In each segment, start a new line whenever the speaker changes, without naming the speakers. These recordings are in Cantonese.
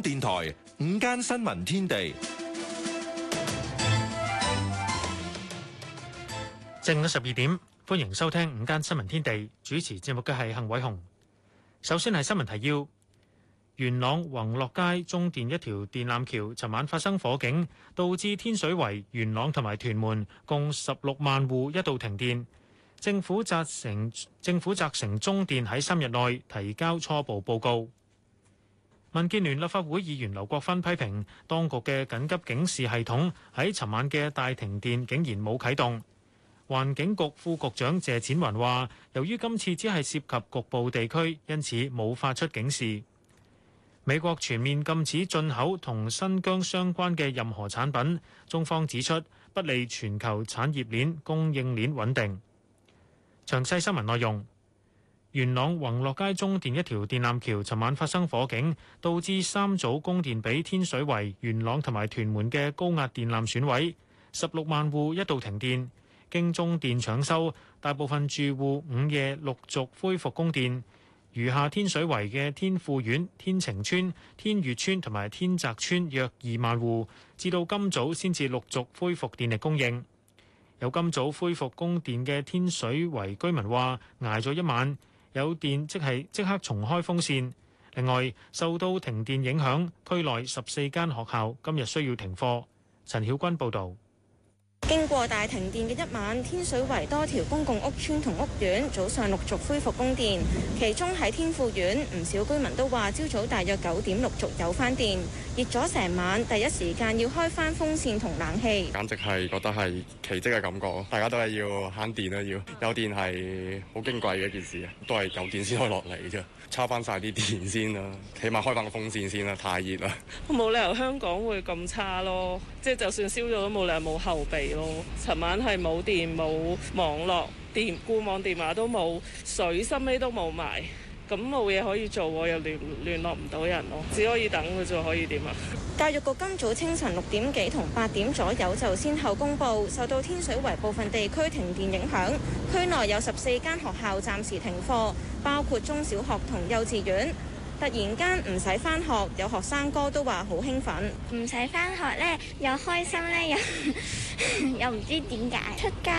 .電台午間新聞
天地，正午十二點，歡迎收聽午間新聞天地，主持節目嘅係幸偉雄。首先係新聞提要：元朗宏樂街中電一條電纜橋尋晚發生火警，導致天水圍、元朗同埋屯門共十六萬戶一度停電。政府責成政府責成中電喺三日內提交初步報告。民建聯立法會議員劉國芬批評當局嘅緊急警示系統喺尋晚嘅大停電竟然冇啟動。環境局副局長謝展雲話：由於今次只係涉及局部地區，因此冇發出警示。美國全面禁止進口同新疆相關嘅任何產品，中方指出，不利全球產業鏈、供應鏈穩定。詳細新聞內容。元朗宏樂街中電一條電纜橋，尋晚發生火警，導致三組供電俾天水圍、元朗同埋屯門嘅高壓電纜損毀，十六萬戶一度停電。經中電搶修，大部分住戶午夜陸續恢復供電。餘下天水圍嘅天富苑、天晴村、天悅村同埋天澤村約二萬戶，至到今早先至陸續恢復電力供應。有今早恢復供電嘅天水圍居民話，挨咗一晚。有電即係即刻重開風扇。另外，受到停電影響，區內十四間學校今日需要停課。陳曉君報導。
經過大停電嘅一晚，天水圍多條公共屋邨同屋苑早上陸續恢復供電。其中喺天富苑，唔少居民都話，朝早大約九點陸續有返電。熱咗成晚，第一時間要開翻風扇同冷氣。
簡直係覺得係奇蹟嘅感覺，大家都係要慳電啦，要有電係好矜貴嘅一件事啊，都係有,有電先可以落嚟嘅，插翻晒啲電先啦，起碼開翻個風扇先啦，太熱
啦。冇理由香港會咁差咯，即係就算燒咗都冇理由冇後備。咯，尋晚係冇電、冇網絡、電固網電話都冇，水深屘都冇埋，咁冇嘢可以做喎，又聯聯絡唔到人咯，只可以等佢啫，就可以點啊？
教育局今早清晨六點幾同八點左右就先後公布，受到天水圍部分地區停電影響，區內有十四間學校暫時停課，包括中小學同幼稚園。突然間唔使返學，有學生哥都話好興奮，唔使返學咧又開心咧，又 又唔知點解出街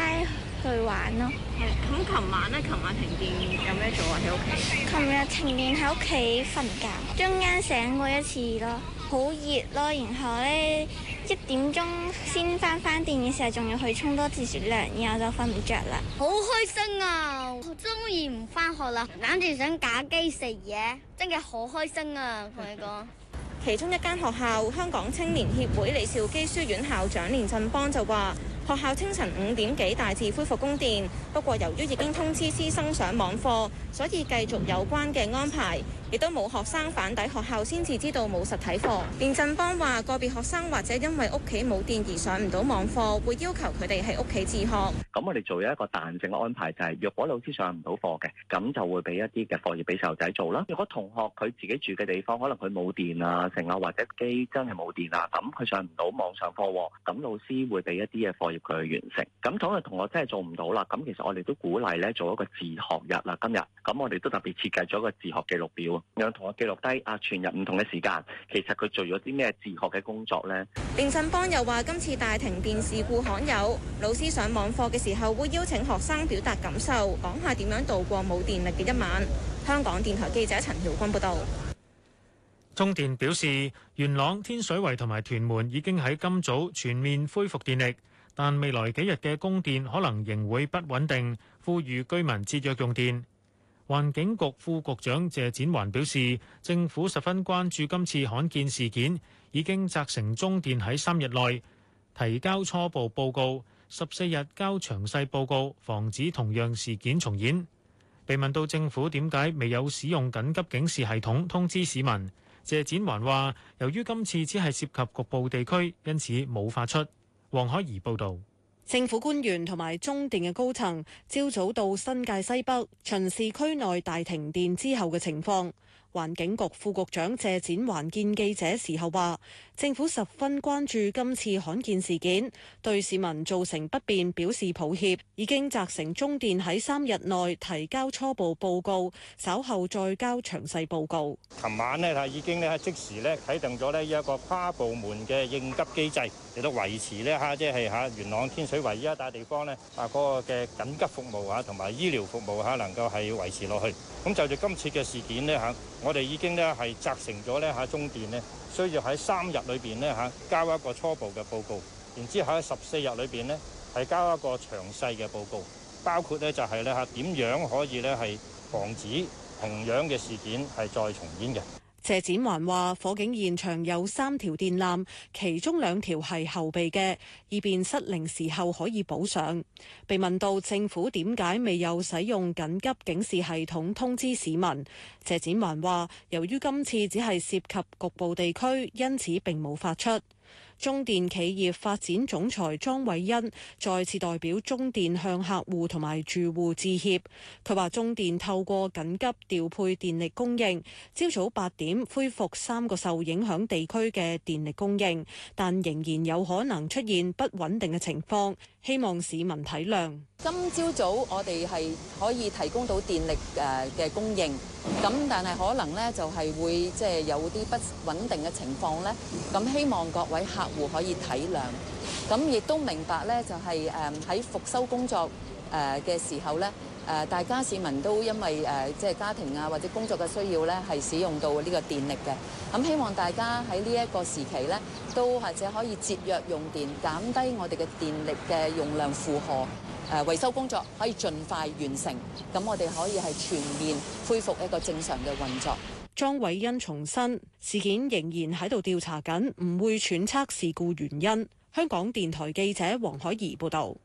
去玩咯。嗯嗯嗯，咁琴晚咧，琴晚停電有咩做啊？喺屋企。琴日停電喺屋企瞓覺，中間醒過一次咯，好熱咯，然後咧一點鐘先翻翻電嘅時候，仲要去沖多次雪涼，然後就瞓唔着啦。好開心啊！終於唔返學啦，攬住想假機食嘢，真嘅好開心啊！同你講， 其中一間學校香港青年協會李兆基書院校長連振邦就話。學校清晨五點幾大致恢復供電，不過由於已經通知師生上網課，所以繼續有關嘅安排，亦都冇學生返到學校先至知道冇實體課。連振邦話：個別學生或者因為屋企冇電而上唔到網課，會要求佢哋喺屋企自學。
咁我
哋做一個彈性嘅安排，就是，就係若果老師上唔到課嘅，咁就會俾一啲嘅課業俾細路仔做啦。如果同學佢自己住嘅地方可能佢冇電啊，成啊，或者機真係冇電啊，咁佢上唔到網上課，咁老師會俾一啲嘅課。要佢去完成咁，倘若同學真係做唔到啦，咁其實我哋都鼓勵咧做一個自學日啦。今日咁，我哋都特別設計咗一個自學記錄表，讓同學記錄低啊，全日唔同嘅時間，其實佢做咗啲咩自學嘅工作
呢？
凌振邦又話：今次大停電事故罕有，老師上網課嘅時候會邀請學生表達感受，講下點樣度過冇電力嘅一晚。香港電台記者陳曉君報道。
中電表示，元朗、天水圍同埋屯門已經喺今早全面恢復電力。但未來幾日嘅供電可能仍會不穩定，呼籲居民節約用電。環境局副局長謝展環表示，政府十分關注今次罕見事件，已經責成中電喺三日內提交初步報告，十四日交詳細報告，防止同樣事件重演。被問到政府點解未有使用緊急警示系統通知市民，謝展環話：由於今次只係涉及局部地區，因此冇發出。黃海怡報道，
政府官員同埋中電嘅高層朝早到新界西北巡視區內大停電之後嘅情況。環境局副局長謝展環見記者時候話，政府十分關注今次罕見事件，對市民造成不便表示抱歉，已經責成中電喺三日內提交初步報告，稍後再交詳細報告。
琴晚咧已經咧即時咧啟動咗咧一個跨部門嘅應急機製，嚟到維持咧吓，即係吓元朗天水圍一帶地方呢啊、嗰個嘅緊急服務吓同埋醫療服務吓、啊，能夠係維持落去。咁就住今次嘅事件呢。吓、啊。我哋已經咧係責成咗咧嚇中電咧，需要喺三日裏邊咧嚇交一個初步嘅報告，然之後喺十四日裏邊咧係交一個詳細嘅報告，包括咧就係咧嚇點樣可以咧係防止同樣嘅事件係再重演嘅。
謝展環話：火警現場有三條電纜，其中兩條係後備嘅，以便失靈時候可以補上。被問到政府點解未有使用緊急警示系統通知市民，謝展環話：由於今次只係涉及局部地區，因此並冇發出。中電企業發展總裁莊偉欣再次代表中電向客戶同埋住戶致歉。佢話中電透過緊急調配電力供應，朝早八點恢復三個受影響地區嘅電力供應，但仍然有可能出現不穩定嘅情況，希望市民體諒。
今朝早，早我哋係可以提供到電力誒嘅供應，咁但係可能呢就係會即係有啲不穩定嘅情況呢。咁希望各位客。戶可以體諒，咁亦都明白呢，就係誒喺復修工作誒嘅時候呢，誒大家市民都因為誒即係家庭啊或者工作嘅需要呢，係使用到呢個電力嘅。咁希望大家喺呢一個時期呢，都或者可以節約用電，減低我哋嘅電力嘅用量負荷。誒維修工作可以盡快完成，咁我哋可以係全面恢復一個正常嘅運作。
莊偉恩重申，事件仍然喺度調查緊，唔會揣測事故原因。香港電台記者黃海怡報道。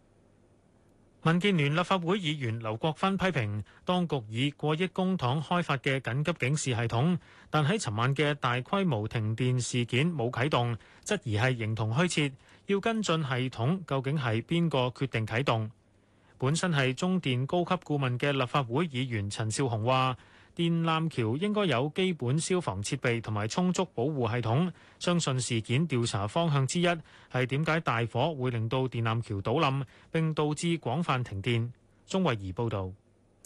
民建聯立法會議員劉國芬批評當局以過億公帑開發嘅緊急警示系統，但喺尋晚嘅大規模停電事件冇啟動，質疑係形同虛設。要跟進系統，究竟係邊個決定啟動？本身係中電高級顧問嘅立法會議員陳紹雄話。電纜橋應該有基本消防設備同埋充足保護系統，相信事件調查方向之一係點解大火會令到電纜橋倒冧，並導致廣泛停電。鍾慧儀報導。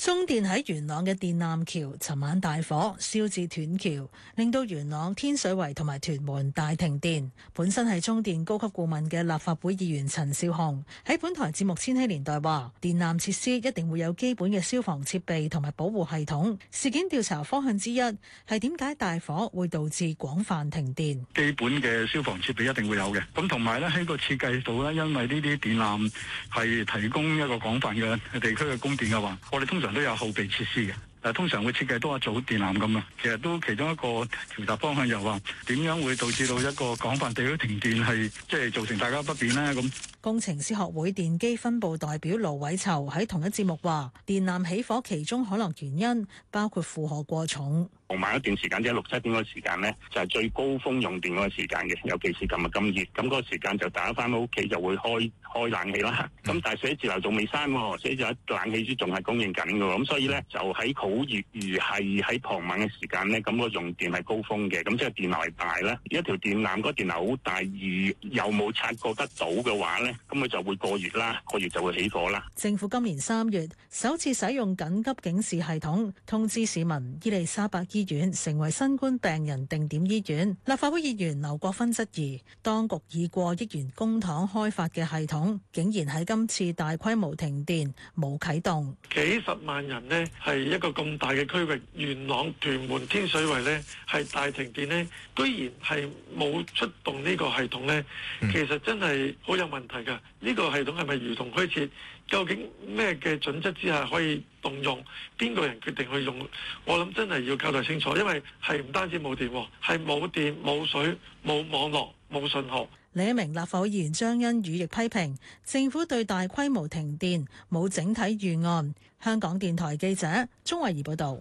中電喺元朗嘅電纜橋，尋晚大火燒至斷橋，令到元朗天水圍同埋屯門大停電。本身係中電高級顧問嘅立法會議員陳紹雄喺本台節目《千禧年代》話：電纜設施一定會有基本嘅消防設備同埋保護系統。事件調查方向之一係點解大火會導致廣泛停電？
基本嘅消防設備一定會有嘅，咁同埋呢喺個設計度呢，因為呢啲電纜係提供一個廣泛嘅地區嘅供電嘅話，我哋通常，都有後備設施嘅，但通常會設計多一組電纜咁啊。其實都其中一個調查方向，又話點樣會導致到一個廣泛地區停電，係即係造成大家不便呢？咁
工程師學會電機分部代表盧偉籌喺同一節目話：電纜起火其中可能原因包括負荷過重。
傍晚一段時間即係六七點嗰個時間咧，就係最高峰用電嗰個時間嘅。尤其是今日咁熱，咁嗰個時間就大家返到屋企就會開開冷氣啦。咁但係寫字樓仲未閂，所以就冷氣先仲係供應緊嘅。咁所以咧就喺
好熱，而係喺傍晚
嘅時間咧，咁個用電係高峰嘅，咁即係電流係大啦。一條電纜嗰電流好大，而又冇察覺得到嘅話咧，咁佢就會過熱啦，過熱就會起火啦。
政府今年三月首次使用緊急警示系統通知市民伊利沙伯醫院成為新冠病人定點醫院，立法會議員劉國芬質疑，當局以過億元公帑開發嘅系統，竟然喺今次大規模停電冇啟動，
幾十萬人呢係一個咁大嘅區域，元朗、屯門、天水圍呢係大停電呢，居然係冇出動呢個系統呢，其實真係好有問題噶，呢個系統係咪如同虛設？究竟咩嘅準則之下可以動用？邊個人決定去用？我諗真係要交代清楚，因為係唔單止冇電，係冇電冇水、冇網絡冇信號。另
一名立法會議員張欣宇亦批評政府對大規模停電冇整體預案。香港電台記者鍾慧儀報道。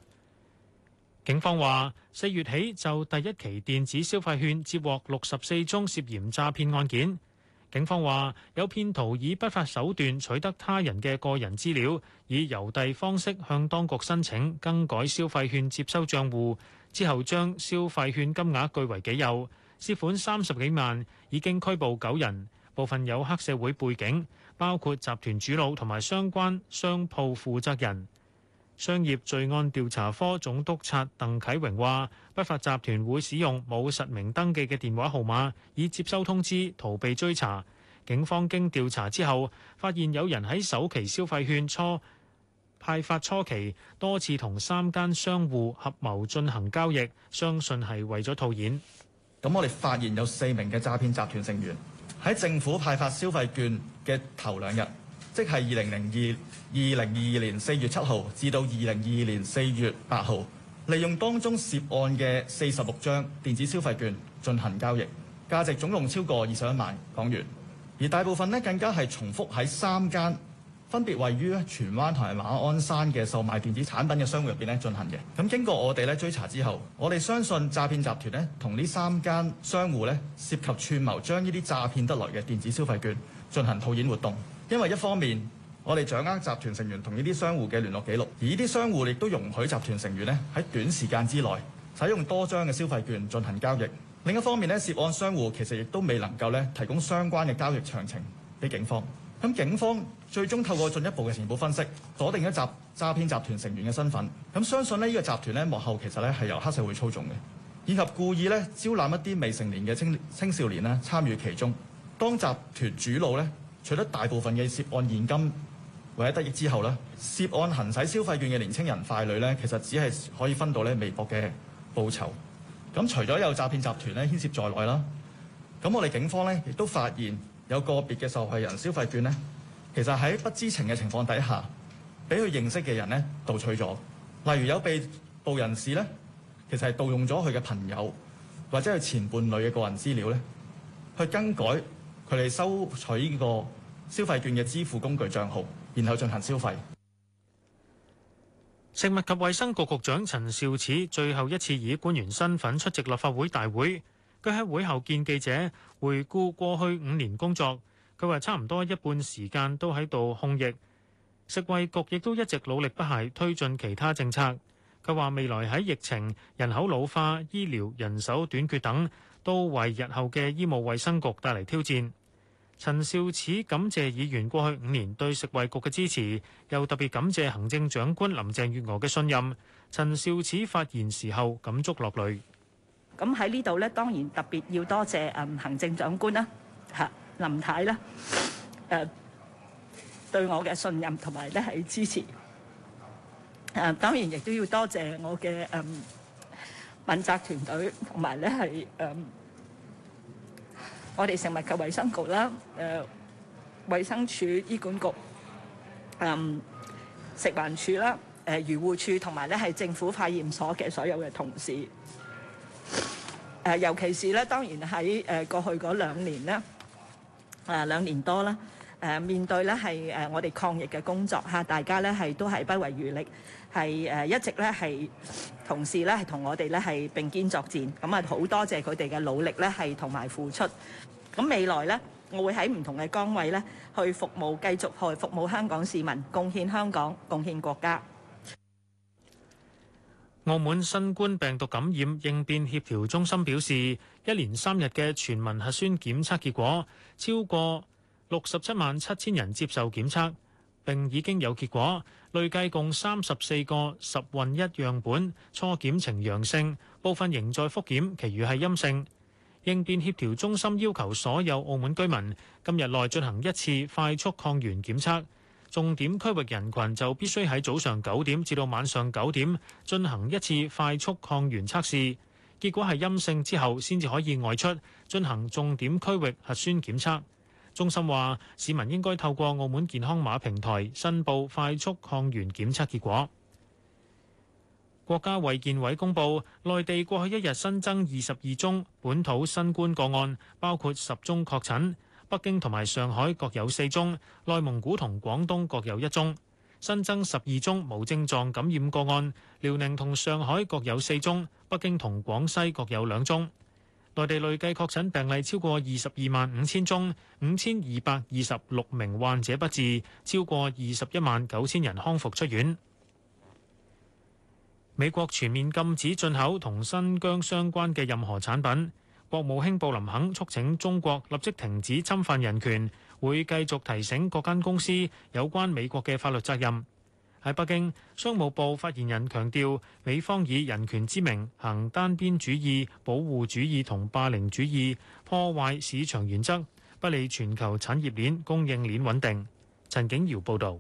警方話四月起就第一期電子消費券接獲六十四宗涉嫌詐騙案件。警方話：有騙徒以不法手段取得他人嘅個人資料，以郵遞方式向當局申請更改消費券接收帳戶，之後將消費券金額據為己有，涉款三十幾萬，已經拘捕九人，部分有黑社會背景，包括集團主腦同埋相關商鋪負責人。商業罪案調查科總督察鄧啟榮話，不法集團會使用冇實名登記嘅電話號碼，以接收通知，逃避追查。警方經調查之後，發現有人喺首期消費券初派發初期，多次同三間商戶合謀進行交易，相信係為咗套現。咁我哋發現有四名嘅詐騙集團
成員，喺政府派發消費券嘅頭兩日。即係二零零二二零二二年四月七號至到二零二二年四月八號，利用當中涉案嘅四十六張電子消費券進行交易，價值總共超過二十一萬港元。而大部分呢，更加係重複喺三間分別位於荃灣同埋馬鞍山嘅售賣電子產品嘅商戶入邊咧進行嘅。咁經過我哋咧追查之後，我哋相信詐騙集團呢，同呢三間商戶呢，涉及串謀，將呢啲詐騙得來嘅電子消費券進行套現活動。因為一方面，我哋掌握集團成員同呢啲商戶嘅聯絡記錄，而呢啲商戶亦都容許集團成員呢喺短時間之內使用多張嘅消費券進行交易。另一方面呢，涉案商戶其實亦都未能夠呢提供相關嘅交易詳情俾警方。咁警方最終透過進一步嘅情報分析，鎖定一集詐騙集團成員嘅身份。咁相信呢，呢個集團呢幕後其實呢係由黑社會操縱嘅，以及故意呢招攬一啲未成年嘅青青少年呢參與其中。當集團主腦呢。除咗大部分嘅涉案現金或者得益之後咧，涉案行使消費券嘅年青人快女咧，其實只係可以分到咧微薄嘅報酬。咁除咗有詐騙集團咧牽涉在內啦，咁我哋警方咧亦都發現有個別嘅受害人消費券咧，其實喺不知情嘅情況底下，俾佢認識嘅人咧盜取咗。例如有被捕人士咧，其實係盜用咗佢嘅朋友或者係前伴侶嘅個人資料咧，去更改佢哋收取個。消費券嘅支付工具帳號，然後進行消
費。食物及衛生局局長陳肇始最後一次以官員身份出席立法會大會，佢喺會後見記者，回顧過去五年工作。佢話差唔多一半時間都喺度控疫，食衛局亦都一直努力不懈推進其他政策。佢話未來喺疫情、人口老化、醫療人手短缺等，都為日後嘅醫務衛生局帶嚟挑戰。陳肇始感謝議員過去五年對食衛局嘅支持，又特別感謝行政長官林鄭月娥嘅信任。陳肇始發言時候感觸落淚。
咁喺呢度咧，當然特別要多謝嗯行政長官啦，吓林太啦，誒對我嘅信任同埋咧係支持。誒，當然亦都要多謝我嘅嗯問責團隊同埋咧係誒。我哋食物及衛生局啦，誒，衛生署醫管局，誒，食環署啦，誒，漁護署同埋咧係政府化驗所嘅所有嘅同事，誒，尤其是咧，當然喺誒過去嗰兩年咧，誒兩年多啦，誒面對咧係誒我哋抗疫嘅工作嚇，大家咧係都係不遺餘力。係誒一直咧係同事咧係同我哋咧係並肩作戰，咁啊好多謝佢哋嘅努力咧係同埋付出。咁未來呢，我會喺唔同嘅崗位呢去服務，繼續去服務香港市民，貢獻香港，貢獻國家。
澳門新冠病毒感染應變協調中心表示，一連三日嘅全民核酸檢測結果，超過六十七萬七千人接受檢測。並已經有結果，累計共三十四個十混一樣本初檢呈陽性，部分仍在復檢，其餘係陰性。應變協調中心要求所有澳門居民今日內進行一次快速抗原檢測，重點區域人群就必須喺早上九點至到晚上九點進行一次快速抗原測試，結果係陰性之後先至可以外出進行重點區域核酸檢測。中心話市民應該透過澳門健康碼平台申報快速抗原檢測結果。國家衛健委公布，內地過去一日新增二十二宗本土新冠個案，包括十宗確診，北京同埋上海各有四宗，內蒙古同廣東各有一宗，新增十二宗無症狀感染個案，遼寧同上海各有四宗，北京同廣西各有兩宗。內地累計確診病例超過二十二萬五千宗，五千二百二十六名患者不治，超過二十一萬九千人康復出院。美國全面禁止進口同新疆相關嘅任何產品。國務卿布林肯促請中國立即停止侵犯人權，會繼續提醒各間公司有關美國嘅法律責任。喺北京，商務部發言人強調美方以人權之名行單邊主義、保護主義同霸凌主義破壞市場原則，不利全球產業鏈供應鏈穩定。陳景堯報道。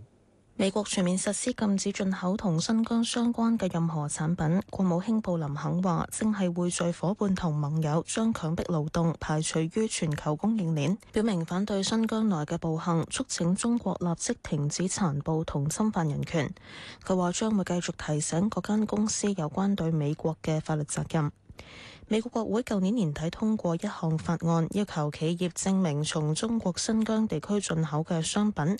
美
國全面實施禁止進口同新疆相關嘅任何產品。國務卿布林肯話：正係會匯聚夥伴同盟友將強迫勞動排除於全球供應鏈，表明反對新疆內嘅暴行，促請中國立即停止殘暴同侵犯人權。佢話將會繼續提醒各間公司有關對美國嘅法律責任。美國國會舊年年底通過一項法案，要求企業證明從中國新疆地區進口嘅商品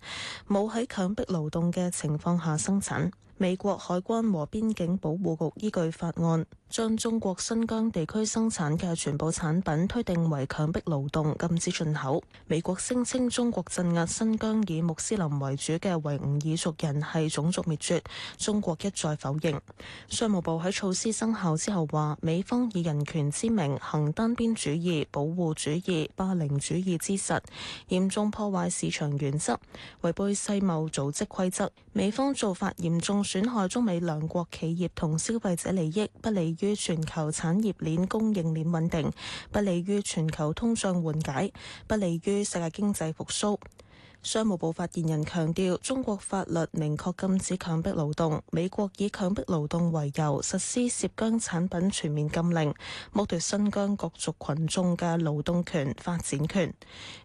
冇喺強迫勞動嘅情況下生產。美國海關和邊境保護局依據法案，將中國新疆地區生產嘅全部產品推定為強迫勞動，禁止進口。美國聲稱中國鎮壓新疆以穆斯林為主嘅維吾爾族人係種族滅絕，中國一再否認。商務部喺措施生效之後話，美方以人權之名行單邊主義、保護主義、霸凌主義之實，嚴重破壞市場原則，違背世貿組織規則。美方做法嚴重損害中美兩國企業同消費者利益，不利於全球產業鏈供應鏈穩定，不利於全球通脹緩解，不利於世界經濟復甦。商務部發言人強調，中國法律明確禁止強迫勞動，美國以強迫勞動為由實施涉疆產品全面禁令，剝奪新疆各族群眾嘅勞動權、發展權。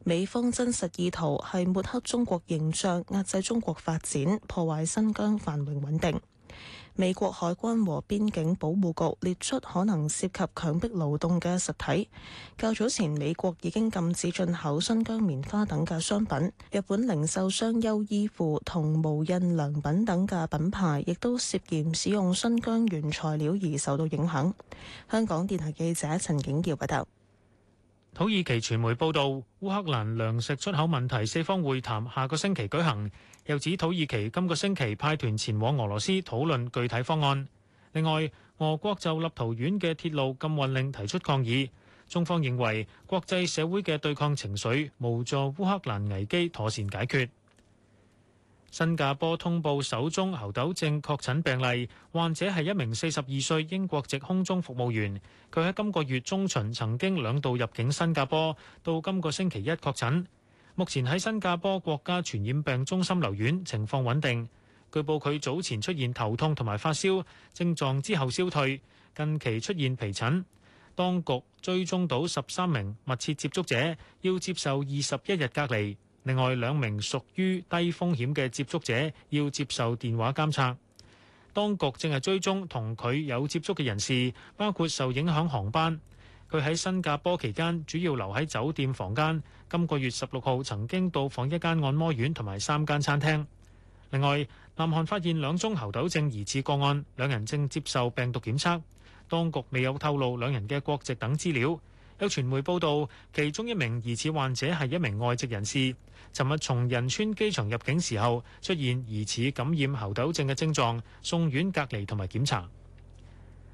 美方真實意圖係抹黑中國形象、壓制中國發展、破壞新疆繁榮穩定。美國海關和邊境保護局列出可能涉及強迫勞動嘅實體。較早前，美國已經禁止進口新疆棉花等嘅商品。日本零售商優衣庫同無印良品等嘅品牌亦都涉嫌使用新疆原材料而受到影響。香港電台記者陳景耀報道。
土耳其傳媒報導，烏克蘭糧食出口問題四方會談下個星期舉行。又指土耳其今個星期派團前往俄羅斯討論具體方案。另外，俄國就立陶宛嘅鐵路禁運令提出抗議。中方認為國際社會嘅對抗情緒無助烏克蘭危機妥善解決。新加坡通報首宗猴痘症確診病例，患者係一名四十二歲英國籍空中服務員。佢喺今個月中旬曾經兩度入境新加坡，到今個星期一確診。目前喺新加坡國家傳染病中心留院，情況穩定。據報佢早前出現頭痛同埋發燒症狀之後消退，近期出現皮疹。當局追蹤到十三名密切接觸者，要接受二十一日隔離，另外兩名屬於低風險嘅接觸者要接受電話監察，當局正係追蹤同佢有接觸嘅人士，包括受影響航班。佢喺新加坡期間主要留喺酒店房間，今個月十六號曾經到訪一間按摩院同埋三間餐廳。另外，南韓發現兩宗猴痘症疑似個案，兩人正接受病毒檢測。當局未有透露兩人嘅國籍等資料。有傳媒報道，其中一名疑似患者係一名外籍人士，尋日從仁川機場入境時候出現疑似感染猴痘症嘅症狀，送院隔離同埋檢查。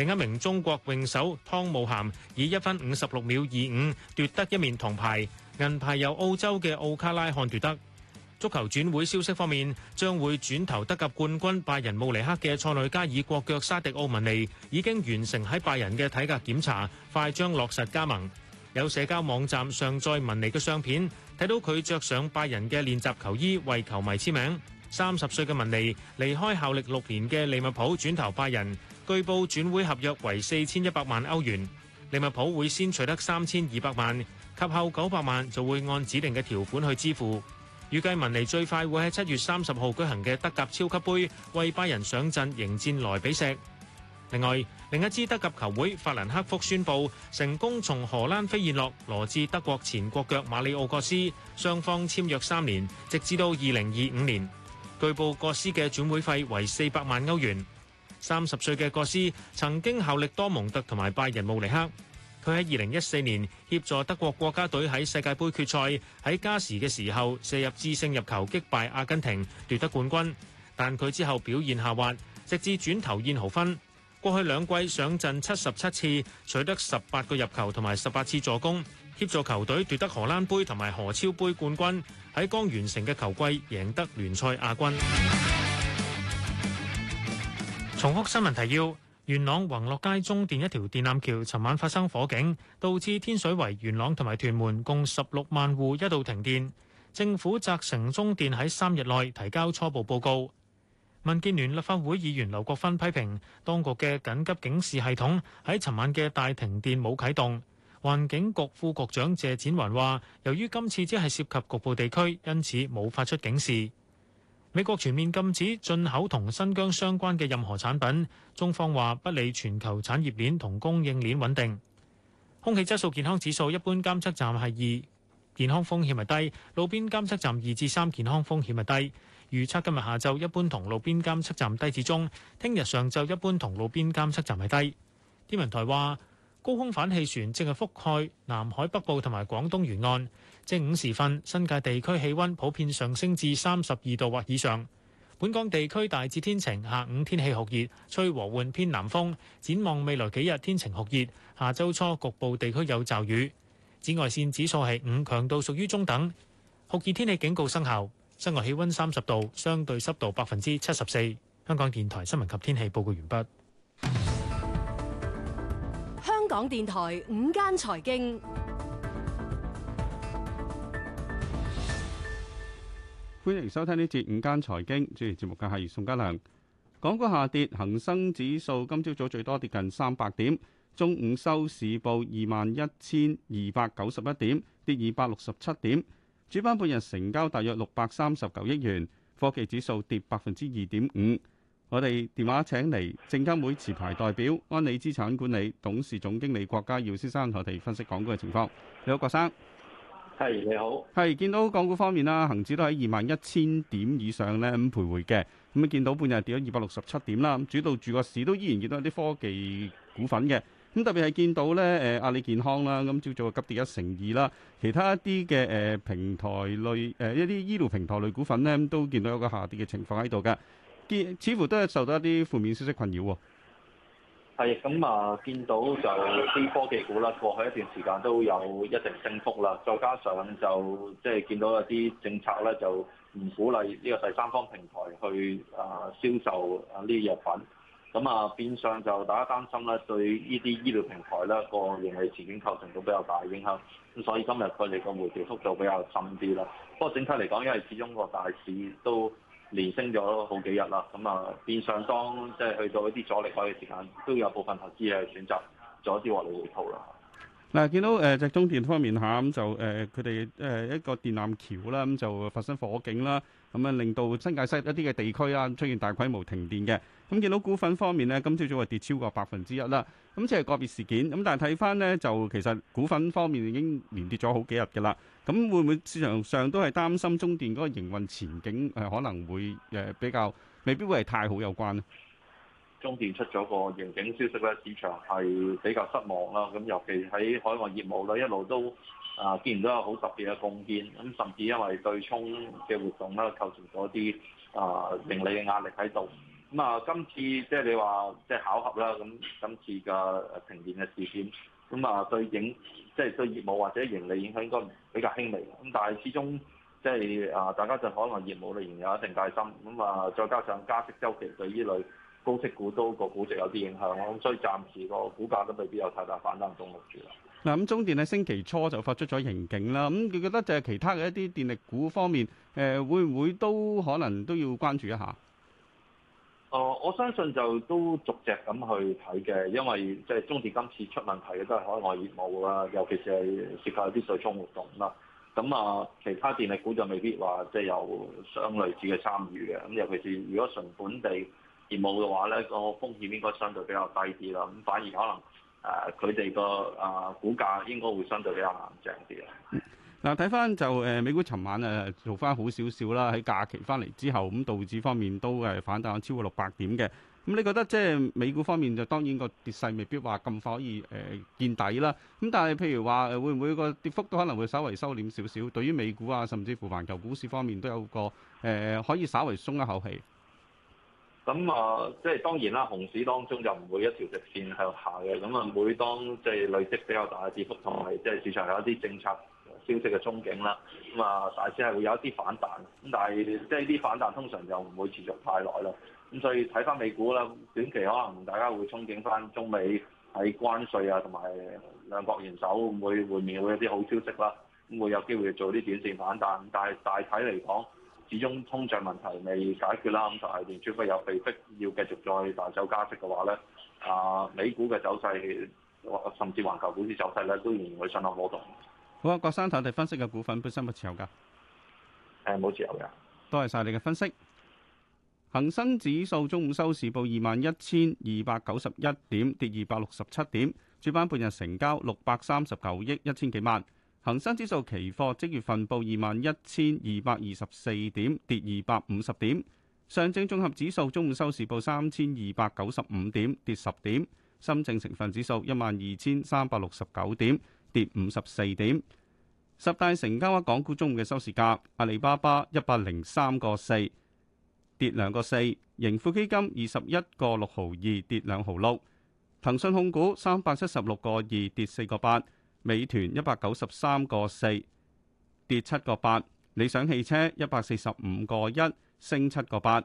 另一名中國泳手湯慕涵以一分五十六秒二五奪得一面銅牌，銀牌由澳洲嘅奧卡拉漢奪得。足球轉會消息方面，將會轉投德甲冠軍拜仁慕尼黑嘅塞內加爾國腳沙迪奧文尼已經完成喺拜仁嘅體格檢查，快將落實加盟。有社交網站上載文尼嘅相片，睇到佢着上拜仁嘅練習球衣，為球迷簽名。三十歲嘅文尼離開效力六年嘅利物浦，轉投拜仁。據報轉會合約為四千一百萬歐元，利物浦會先取得三千二百萬，及後九百萬就會按指定嘅條款去支付。預計文尼最快會喺七月三十號舉行嘅德甲超級杯，為拜仁上陣迎戰萊比錫。另外，另一支德甲球會法蘭克福宣佈成功從荷蘭飛燕諾羅致德國前國腳馬里奧·葛斯，雙方簽約三年，直至到二零二五年。據報葛斯嘅轉會費為四百萬歐元。三十歲嘅戈斯曾經效力多蒙特同埋拜仁慕尼克。佢喺二零一四年協助德國國家隊喺世界盃決賽喺加時嘅時候射入致勝入球，擊敗阿根廷奪得冠軍。但佢之後表現下滑，直至轉投燕豪芬。過去兩季上陣七十七次，取得十八個入球同埋十八次助攻，協助球隊奪得荷蘭杯同埋荷超杯冠軍。喺剛完成嘅球季贏得聯賽亞軍。重複新聞提要：元朗宏樂街中電一條電纜橋，尋晚發生火警，導致天水圍、元朗同埋屯門共十六萬戶一度停電。政府責成中電喺三日內提交初步報告。民建聯立法會議員劉國芬批評，當局嘅緊急警示系統喺尋晚嘅大停電冇啟動。環境局副局長謝展寰話：由於今次只係涉及局部地區，因此冇發出警示。美國全面禁止進口同新疆相關嘅任何產品。中方話不利全球產業鏈同供應鏈穩定。空氣質素健康指數一般監測站係二，健康風險係低；路邊監測站二至三，健康風險係低。預測今日下晝一般同路邊監測站低至中，聽日上晝一般同路邊監測站係低。天文台話。高空反氣旋正係覆蓋南海北部同埋廣東沿岸。正午時分，新界地區氣溫普遍上升至三十二度或以上。本港地區大致天晴，下午天氣酷熱，吹和緩偏南風，展望未來幾日天晴酷熱，下周初局部地區有驟雨。紫外線指數係五，強度屬於中等。酷熱天氣警告生效。室外氣溫三十度，相對濕度百分之七十四。香港電台新聞及天氣報告完畢。
港電台午間財經，
歡迎收聽呢節午間財經。主持節目嘅係宋家良。港股下跌，恒生指數今朝早，早最多跌近三百點，中午收市報二萬一千二百九十一點，跌二百六十七點。主板半日成交大約六百三十九億元，科技指數跌百分之二點五。我哋電話請嚟證監會持牌代表安理資產管理董事總經理郭家耀先生，同我哋分析港股嘅情況。你好，郭生。係、hey，你好。係見到港股方面啦，恒指都喺二萬一千點以上咧，咁徘徊嘅。咁啊見到半日跌咗二百六十七點啦。咁主導住個市都依然見到有啲科技股份嘅。咁特別係見到咧，誒、啊，阿里健康啦，咁朝早急跌一成二啦。其他一啲嘅誒平台類誒一啲醫療平台類股份咧，都見到有個下跌嘅情況喺度㗎。似乎都係受到一啲負面消息困擾喎。
係咁啊，見到就啲科技股啦，過去一段時間都有一定升幅啦。再加上就即係見到有啲政策咧，就唔鼓勵呢個第三方平台去啊、呃、銷售啊呢啲藥品。咁啊，變相就大家擔心啦，對呢啲醫療平台啦，個盈利前景構成到比較大嘅影響。咁所以今日佢哋個回調幅度比較深啲啦。不過整體嚟講，因為始終個大市都～連升咗好幾日啦，咁啊變相當即係去到一啲阻力位嘅時間，都有部分投資者選擇阻止回吐啦。
嗱，見到誒，隻、呃、中電方面嚇咁、啊嗯、就誒，佢哋誒一個電纜橋啦，咁、啊嗯、就發生火警啦，咁啊、嗯、令到新界西一啲嘅地區啊出現大規模停電嘅。咁、啊、見到股份方面呢，今朝早係跌超過百分之一啦。咁即係個別事件，咁、啊、但係睇翻呢，就其實股份方面已經連跌咗好幾日嘅啦。咁會唔會市場上都係擔心中電嗰個營運前景，誒可能會誒比較未必會係太好有關咧？
中電出咗個盈警消息咧，市場係比較失望啦。咁尤其喺海外業務咧，一路都啊見唔到有好特別嘅貢獻。咁甚至因為對沖嘅活動咧，構成咗啲啊盈利嘅壓力喺度。咁啊，今次即係你話即係巧合啦。咁今次嘅停電嘅事件。咁啊，對影即係對業務或者盈利影響應該比較輕微。咁但係始終即係啊，就是、大家就可能業務仍然有一定戒心。咁啊，再加上加息周期對呢類高息股都個估值有啲影響，我諗，咁所以暫時個股價都未必有太大反彈動力住啦。
嗱，咁中電喺星期初就發出咗盈警啦。咁你覺得就係其他嘅一啲電力股方面，誒會唔會都可能都要關注一下？
哦，uh, 我相信就都逐隻咁去睇嘅，因為即係、就是、中電今次出問題嘅都係海外業務啦，尤其是係涉及啲水沖活動啦。咁啊，其他電力股就未必話即係有相類似嘅參與嘅。咁尤其是如果純本地業務嘅話咧，個風險應該相對比較低啲啦。咁反而可能誒佢哋個誒股價應該會相對比較硬淨啲啊。
嗱，睇翻就誒美股，尋晚誒做翻好少少啦。喺假期翻嚟之後，咁道指方面都係反彈超過六百點嘅。咁你覺得即係美股方面就當然個跌勢未必話咁快可以誒、呃、見底啦。咁但係譬如話會唔會個跌幅都可能會稍微收斂少少？對於美股啊，甚至乎環球股市方面都有個誒、呃、可以稍微鬆一口氣。
咁啊、嗯呃，即係當然啦，熊市當中就唔會一條直線向下嘅。咁、嗯、啊，每當即係累積比較大嘅跌幅，同埋即係市場有一啲政策。消息嘅憧憬啦，咁啊，大市係會有一啲反彈，咁但係即係啲反彈通常就唔會持續太耐啦。咁所以睇翻美股啦，短期可能大家會憧憬翻中美喺關稅啊同埋兩國元首會會面會有一啲好消息啦，咁會有機會做啲短綫反彈。但係大體嚟講，始終通脹問題未解決啦，咁就係聯儲會有被迫要繼續再大手加息嘅話咧，啊，美股嘅走勢，甚至環球股市走勢
咧都仍然會上落波動。好啊，郭生，睇下你分析嘅股份本身有冇持有噶？誒，冇持有嘅。多謝晒你嘅分析。恒生指數中午收市報二萬一千二百九十一點，跌二百六十七點。主板半日成交六百三十九億一千幾萬。恒生指數期貨即月份報二萬一千二百二十四點，跌二百五十點。上證綜合指數中午收市報三千二百九十五點，跌十點。深證成分指數一萬二千三百六十九點。跌五十四點。十大成交額，港股中午嘅收市價，阿里巴巴一百零三個四，跌兩個四。盈富基金二十一個六毫二，跌兩毫六。騰訊控股三百七十六個二，跌四個八。美團一百九十三個四，跌七個八。理想汽車一百四十五個一，升七個八。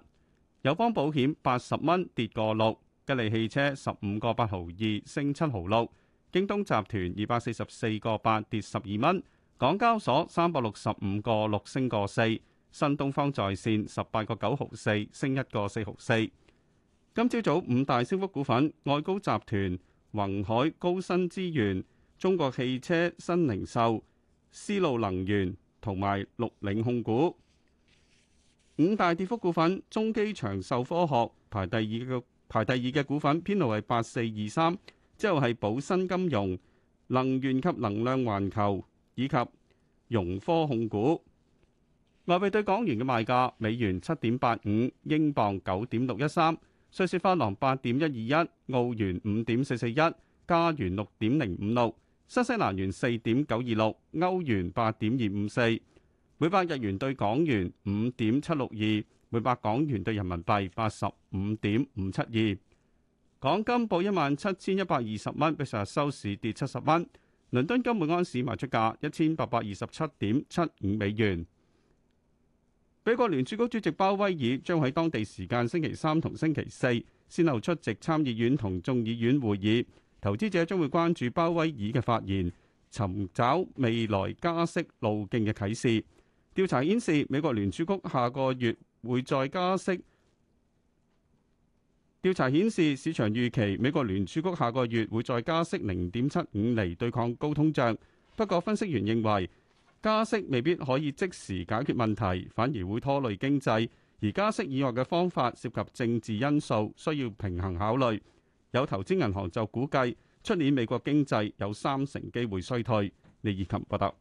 友邦保險八十蚊，跌個六。吉利汽車十五個八毫二，升七毫六。京東集團二百四十四個八跌十二蚊，港交所三百六十五個六升個四，新東方在線十八個九毫四升一個四毫四。今朝早五大升幅股份：愛高集團、宏海、高新資源、中國汽車、新零售、絲路能源同埋綠領控股。五大跌幅股份：中基長壽科學排第二嘅排第二嘅股份編號係八四二三。之後係保新金融、能源及能量環球以及融科控股。外幣對港元嘅賣價：美元七點八五，英鎊九點六一三，瑞士法郎八點一二一，澳元五點四四一，加元六點零五六，新西蘭元四點九二六，歐元八點二五四，每百日元對港元五點七六二，每百港元對人民幣八十五點五七二。港金報一萬七千一百二十蚊，比上日收市跌七十蚊。倫敦金每安士賣出價一千八百二十七點七五美元。美國聯儲局主席鮑威爾將喺當地時間星期三同星期四先後出席參議院同眾議院會議，投資者將會關注鮑威爾嘅發言，尋找未來加息路徑嘅啟示。調查顯示，美國聯儲局下個月會再加息。調查顯示，市場預期美國聯儲局下個月會再加息零點七五厘對抗高通脹。不過，分析員認為加息未必可以即時解決問題，反而會拖累經濟。而加息以外嘅方法涉及政治因素，需要平衡考慮。有投資銀行就估計，出年美國經濟有三成機會衰退。李以琴報道。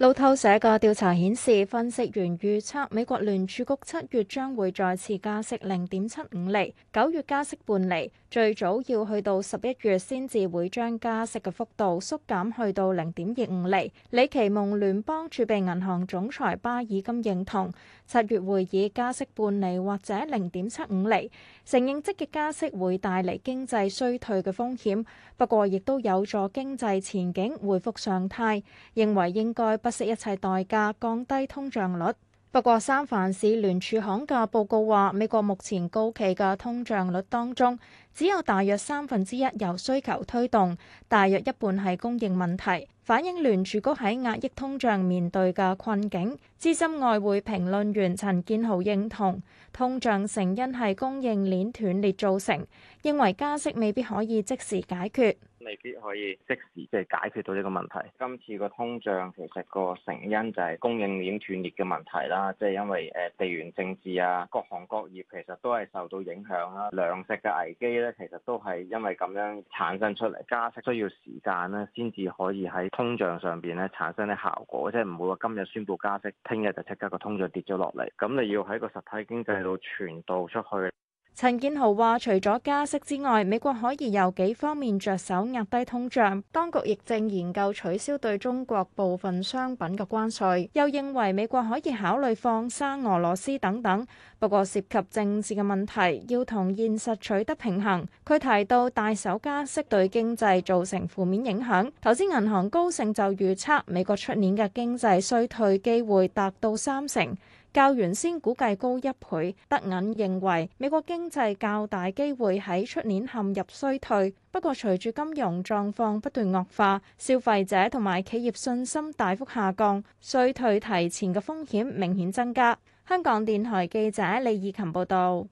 路透社嘅調查顯示，分析員預測美國聯儲局七月將會再次加息零點七五厘，九月加息半厘，最早要去到十一月先至會將加息嘅幅度縮減去到零點二五厘。李奇蒙聯邦儲備銀行總裁巴爾金認同，七月會議加息半厘或者零點七五厘，承認積極加息會帶嚟經濟衰退嘅風險，不過亦都有助經濟前景回復常態，認為應該不惜一切代價降低通脹率。不過，三藩市聯儲行嘅報告話，美國目前高企嘅通脹率當中，只有大約三分之一由需求推動，大約一半係供應問題，反映聯儲局喺壓抑通脹面對嘅困境。資深外匯評論員陳建豪認同通脹成因係供應鏈斷裂造成，認為加息未必可以即時解決。
未必可以即時即係解決到呢個問題。今次個通脹其實個成因就係供應鏈斷裂嘅問題啦，即係因為誒地緣政治啊，各行各業其實都係受到影響啦。糧食嘅危機咧，其實都係因為咁樣產生出嚟。加息需要時間咧，先至可以喺通脹上邊咧產生啲效果，即係唔會話今日宣布加息，聽日就即刻個通脹跌咗落嚟。咁你要喺個實體經濟度傳導出去。
陳建豪話，除咗加息之外，美國可以由幾方面着手壓低通脹，當局亦正研究取消對中國部分商品嘅關稅。又認為美國可以考慮放生俄羅斯等等，不過涉及政治嘅問題，要同現實取得平衡。佢提到大手加息對經濟造成負面影響。投資銀行高盛就預測，美國出年嘅經濟衰退機會達到三成。較原先估計高一倍。德銀認為美國經濟較大機會喺出年陷入衰退，不過隨住金融狀況不斷惡化，消費者同埋企業信心大幅下降，衰退提前嘅風險明顯增加。香港電台記者李以琴報道。